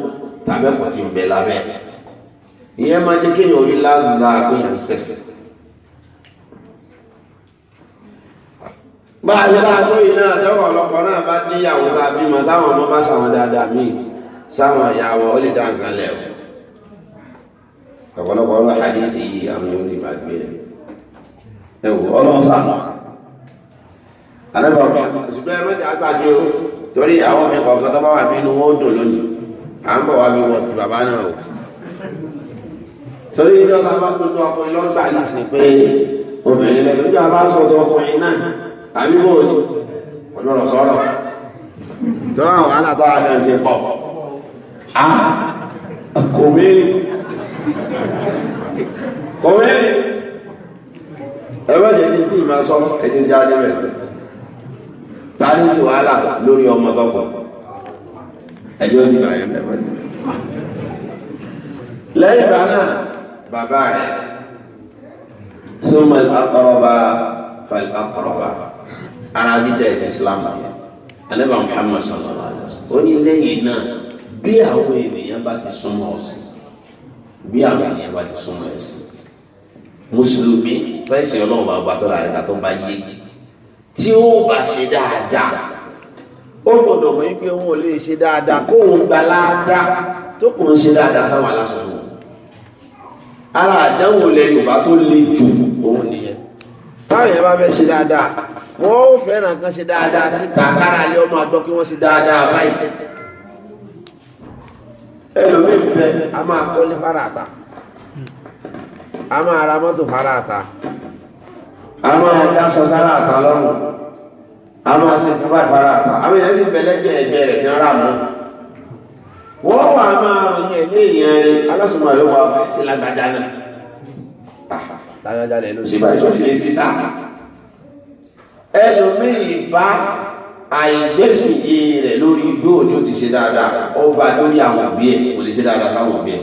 tàbí ẹ̀kọ́ tí ń bẹ lábẹ́ ìyẹn máa jẹ́ kéèyàn orí láńlá pé à ń sẹ̀sẹ̀ bá a ṣe bá a tó iná àtẹ́wọ̀ ọlọ́pàá náà bá níyàwó tá a bímọ táwọn ọmọ bá sàwọn dáadáa míì sáwọn ìyàwó ó lè dá nǹkan lẹ̀ ọ̀pọ̀lọpọ̀ ọlọ́ àdíṣe yìí à ń bọ̀ wá bí wọ́n ti bàbá náà o torí ìjọba bá gbogbo ọkùnrin lọ́gbà yìí sí pé obìnrin lẹ́nu ìjọ bá sọ̀tọ̀ ọkùnrin náà tàbí bò ní ọjọ́rọ̀ sọ̀rọ̀ tọ́lá àwọn alátọ́ àjẹ́ ṣe pọ̀ kòmílì kòmílì ẹgbẹ́ jẹ́ ní tí ìmá sọ ẹ̀jẹ̀ jáde rẹ̀ tàbí sí wàhálà lórí ọmọ tọkùnrin ẹjọ́ ìdìbò ayé mẹ́fà lẹ́yìn ìgbà náà bàbá rẹ̀ súnmọ́ akọrọba fàlẹ́ akọrọba ara dídẹ̀ ẹ̀sìn Islam yẹn alẹ́bàá Muhammad sallallahu alayhi wa sallam ó ní lẹ́yìn náà bí àwọn ènìyàn bá ti súnmọ́ ọ̀sìn bí àwọn ènìyàn bá ti súnmọ́ ẹ̀sìn mùsùlùmí fẹ́ẹ̀sì ọlọ́run bàbá tó rà rẹ̀ kà yé tí ó bá ṣe dáadáa. ó gbọ́dọ̀ mọ̀ wípé wọn ṣe dáadáa kó òun gba láadáa tó kò ṣe dáadáa ara àdánwò ilẹ̀ Yorùbá tó le jù òun nìyẹn táwọn èèyàn bá fẹ́ ṣe dáadáa wọ́n ó fẹ́ràn kan ṣe dáadáa síta kára ilé ọmọ àgbọ́ kí wọ́n ṣe dáadáa báyìí ẹlòmíì bẹ a máa kọ́lé fara a máa ra mọ́tò fara a máa dá sọ sára àta a máa ṣe tó bá fara kan àwọn èèyàn sì bẹ̀lẹ́gbẹ̀ ẹgbẹ́ rẹ̀ tí wọ́n rà mọ́ wọ́n wà máa rìn yẹn ní ìyẹn rẹ̀ alásùnmọ̀ rẹ̀ wà bẹ́ẹ̀ sí lágbájá náà lágbájá lẹ̀ ló ṣe báyìí tó fi lè ṣe sá ẹlòmíì bá àìgbésùn yìí rẹ̀ lórí igbó ni ó ti ṣe dáadáa ó bá lórí àwọn òbí ẹ̀ kò lè ṣe dáadáa táwọn òbí ẹ̀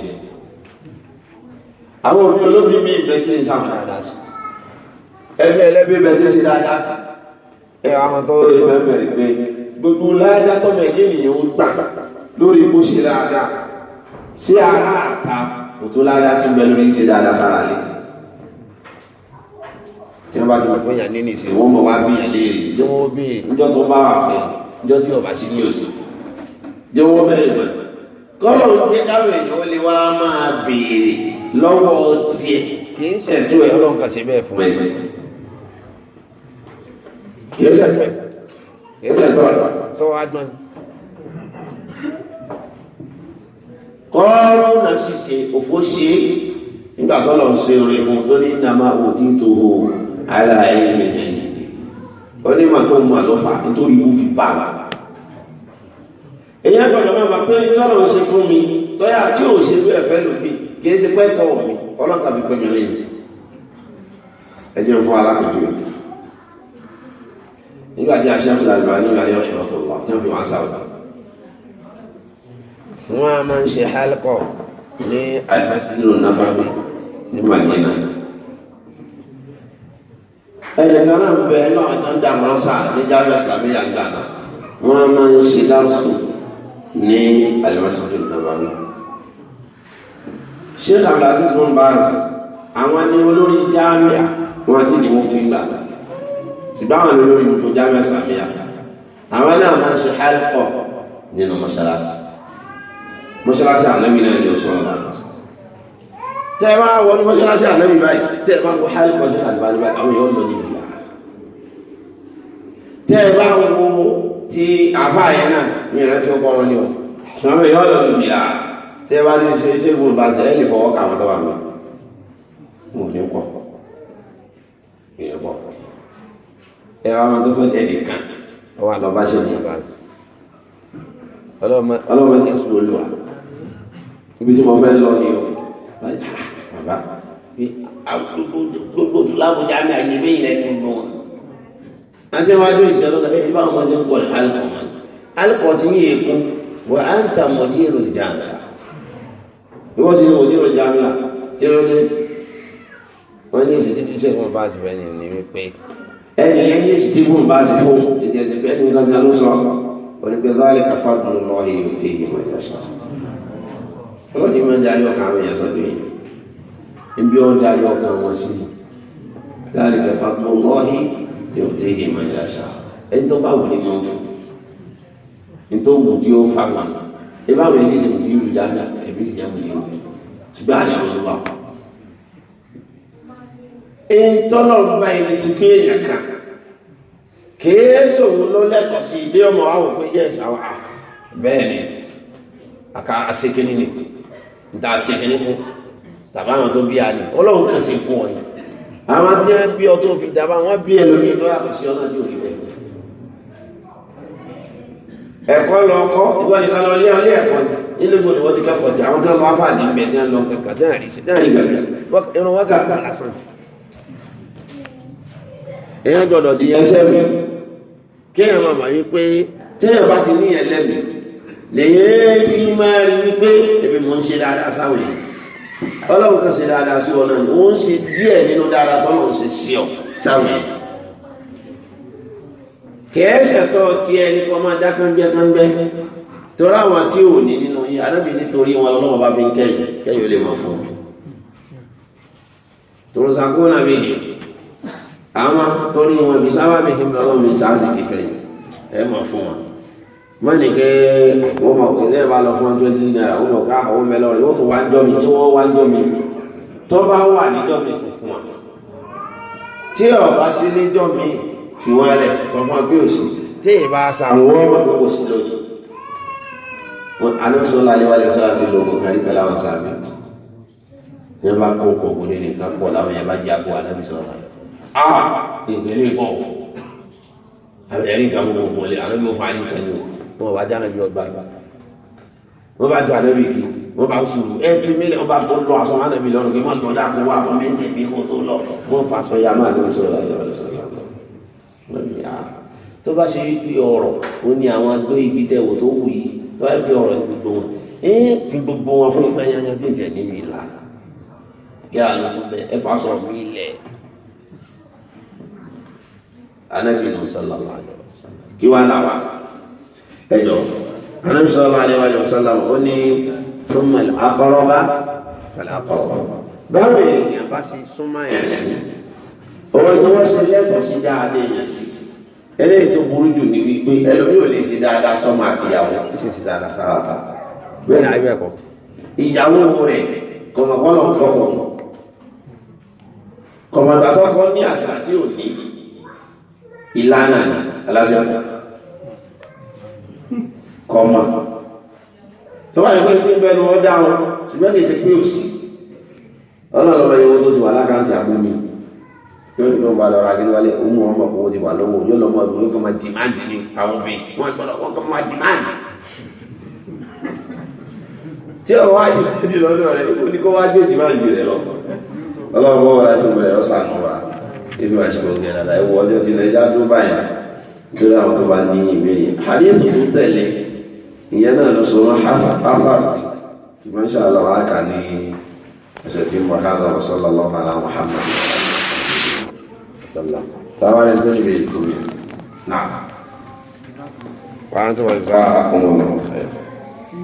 àwọn òbí olóbi mi bẹ́ẹ̀ ti ń sáwọn dáadáa sí ẹgbẹ́ ẹlẹ́bí bẹ́ẹ̀ ti ń ṣe dáadáa sí ẹ àmọ́ tó rí mẹ́mẹ́ rí pé gbogbo ládá tọ́mọ ẹ̀yẹ́ nìyẹn ń gbà lórí bó ṣe dáadáa ṣé ara àta kò tó ládá tí ń bẹ lórí ṣe dáadáa sára lé tí wọ́n bá ti mọ̀ pé yàn nínú ìsìn wọ́n mọ̀ wá bí yàn léèrè jẹ́ wọ́n bí níjọ́ tó bá wà fún níjọ́ tí ọba sí ní oṣù jẹ́ wọ́n bẹ̀rẹ̀ mọ̀ kọ́lọ̀ ń jẹ́ káwọn èèyàn lè wá máa béèrè lọ́wọ́ tiẹ̀ kì í ṣẹ̀tú ẹ̀ ọlọ́run kà ṣe bẹ́ẹ̀ fún ẹ Yesterday. Yesterday. So hard man. ṣe é nígbà tó lọ ṣe orin fún tó ní nàmá tó o ẹ̀yìn tó nítorí fi bá wa. máa ma pé tọ́lọ̀ ṣe fún mi tọ́yà tí ò ṣe ẹ̀fẹ́ ṣe pẹ́ tọ́ nígbà tí aṣáájú làlùbá ní ìgbà ní ọ̀sẹ̀ ọ̀tọ̀ wà tí wọ́n fi wọ́n sáwọ́. wọ́n a máa ń ṣe hálkọ̀ ní àìsílò nábàbí ní màdínà. ẹnìkan náà ń bẹ náà tó ń dàmọ́ sá ní jáwé ìsàmì àgbàdà wọ́n a máa ń ṣe dáńsù ní àìsílò nábàbí. sheikh abdulaziz bin baz àwọn ni olórí jáàmíà wọn ti di mọ́tò ìgbàgbà ṣùgbọ́n àwọn olórí gbogbo jámẹ́ sàmìyà àwọn náà máa ń ṣe hálùkọ̀ nínú mọ́ṣáláṣí mọ́ṣáláṣí ànábì náà ni ó sọ̀rọ̀ náà tẹ́ ẹ máa wọnú mọ́ṣáláṣí ànábì báyìí tẹ́ ẹ máa wọ hálùkọ̀ sí àlùbáyé báyìí àwọn èèyàn lọ níbi yàrá tẹ́ ẹ bá wo ti àbá yẹn náà ní ìrántí ó bọ́ wọn ní o àwọn èèyàn lọ níbi yàrá tẹ́ ẹ bá ní ṣe ṣé gbogbo bá ṣe ẹ fọwọ́ ẹ máa tó fẹ́ jẹ nìkan ọ wà bá ṣe ní ọba sí ibi tí mo fẹ́ lọ ni o bàbá gbogbo tó mi àyè bẹ́ẹ̀ yẹn wọn. ẹ̀ bá wọn ṣe ń pọ̀ alùpùpù wọn alùpùpù ní èkó wọ́n á ń ta wọ́n ti ní wọ́n ní ni wípé ẹni yẹn ní èsì tí mò ń bá ti fún èdè ẹsẹ̀ pé ẹni gangan ló sọ onígbẹ lọ́ọ̀lì káfá dùn lọ èyí ò tẹ èyí wọn yọ sọ. ọlọ́dì máa ń darí ọkàn àwọn èèyàn sọ́dọ̀ yìí níbi ó ń darí ọkàn wọn sí lọ́ọ̀lì káfá dùn lọ́ọ̀hì èyí ò tẹ èyí wọn yọ sọ. ẹni tó bá wù ní mọ́ fún tó wù tí ó fà wọn. ìbáwọ̀ yìí ti sèkùn tí ìlú jáde ẹ̀mí ìjẹun yìí ṣùgbọ́n àlẹ́ àwọn ló wà ń tọ́lọ̀ ń bá ilé sí fún èèyàn kan kìí sòun ló lẹ́kọ̀ọ́ sí ilé ọmọ wa wò pé yẹ ìṣàwọ̀ à bẹ́ẹ̀ ni àka asekeni ni nta asekeni fún tàbá àwọn tó bí a ní ọlọ́run kàn sí fún ọ ni àwọn tí wọ́n bí ọ tó fi dàbá wọ́n bí ẹlòmíì tó yàtọ̀ sí ọ̀nà tí ò rí bẹ́ẹ̀ ẹ̀kọ́ lọ ọkọ́ ìwọ́n ni lọ lé ọlé ẹ̀kọ́ nílùú ni wọ́n ti kẹ́kọ̀ọ́ tí àwọn tí wọ́n lọ afáàdì ń bẹ̀ lọ kẹ́kọ̀ọ́ tí wọ́n rí sí tí irun wọ́n kà pà lásán èèyàn gbọ́dọ̀ di ẹsẹ̀ mi kéèyàn máa mọ̀ wípé téèyàn bá ti ní ẹlẹ́mì lèyìn fi máa rí wípé èmi mò ń ṣe dáadáa sáwọn èèyàn ọlọ́run kan ṣe dáadáa sí ọ náà ni ó ń ṣe díẹ̀ nínú dáadáa tó lọ́n ṣe sí ọ sáwọn èèyàn kẹ́ẹ̀ṣẹ̀ tọ́ ti ẹni kọ́ máa dá kángbẹ́kángbẹ́ torí àwọn tí ò ní nínú yí arábì nítorí wọn lọ́wọ́ bá fi ń kẹ́yìn kẹ́yìn ó lè mọ̀ fún un tòròsàkó náà bí àwọn torí wọn bí sábà bí kí n lọ́wọ́ mi sáàsì kí fẹ́ yìí ẹ mọ̀ fún wọn wọ́n ní pé wọ́n mọ̀ pé lẹ́ẹ̀ bá lọ fún twenty naira wọ́n mọ̀ pé àwọn ah, ọmọ ẹlọ́rin wọ́n tó wá ń jọ mi tí wọ́n wá ń jọ mi tó bá wà níjọ́ mi kò fún wọn tí ọba sí níjọ́ mi fi wọ́n ẹlẹ̀ tó fún wọn bí òsì tí ì bá sàwọn wọ́n mọ̀ pé kò sí lónìí alonso lálẹ́ wálé sọ́la ti lo oògùn kárí pẹ̀lú àwọn sáà mi bá kó oògùn nínú Ah, ìgbélé bọ̀ ẹ̀rí nǹkan gbogbo mọ̀lẹ́ ànábì ó fa ní nǹkan yìí wọn bá já ànábì ọgbà wọn bá já ànábì kí wọn bá sùúrù ẹ fi mílẹ̀ wọn bá tó lọ aṣọ ànábì lọ́rùn kí wọ́n lọ dáko wá fún méjì bí kò tó lọ wọn fa aṣọ ya máa lóun sọ̀rọ̀ ayọ̀ ọ̀rọ̀ sọ̀rọ̀ ayọ̀ tó bá ṣe wípé ọ̀rọ̀ ó ní àwọn agbó ibi tẹ̀wò tó wù yìí tó bá fi ọ̀rọ̀ gbogbo wọn ẹ kí gbogbo wọn fún ìtayányá tó jẹ níbi ìlà yàrá ló tó bẹ fà sọ̀rọ̀ mi ilẹ̀ anábì nù sallallahu alaihi wasallam kí wàá là wá ẹjọ anábì sallallahu alaihi wasallam ó ní súnmọ́ àkọ́rọ́bá àkọ́rọ́bá báwo èèyàn bá ṣe súnmọ́ yẹn sí owó tí wọ́n ṣe lẹ́tọ̀ọ́ sí dáadé yẹn sí eléyìí tó burú jù ní wípé ẹlòmíì ò lè ṣe dáadáa sọ́mọ àtìyàwó ó sì dáadáa sára pa bẹ́ẹ̀ ayé ẹ̀kọ́ ìyàwó rẹ̀ kọ̀mọ̀kọ́ lọ́nkọ́ kọ̀mọ̀ ní àṣà tí ò ní ìlànà aláṣẹ ọ̀tọ̀ kọmọ tó wà nípa tí ń bẹnu ọdá wọn ṣùgbọ́n kì í ti pé òsì ọlọ́lọ́wọ́ yẹn owó tó ti wà lákàntì àgbómi yóò ní tó ń bá lọ ra kí wálé òun wọn mọ̀ owó ti wà lọ́wọ́ yóò lọ́mọ ìlú yóò kàn máa dìmáàdì ní àwọn obìnrin wọn gbọ́dọ̀ wọn kàn máa dìmáàdì tí ọwọ́ ayé ti lọ́dọ̀ rẹ̀ ní kó wá gbé dìmáàdì rẹ̀ lọ ọlọ́wọ́ wọn láti bẹ̀rẹ̀ ọ̀sán àwọn nínú àṣìkò gẹ̀rẹ́dà ẹ̀wọ̀ ọjọ́ tilẹ̀ já tó báyìí nítorí àwọn tó bá ní ìbéèrè hadith tó tẹ̀lé ìyẹn náà ló sọ wọn hafa ṣùgbọ́n ṣe àlọ́ àkà ní ọ̀sẹ̀ tí mo ká lọ sọ́lọ́ lọ́wọ́ ala Muhammad sallam táwọn ẹni ní ìbéèrè kò yẹ náà wàá tó wà zá àkómọ́ náà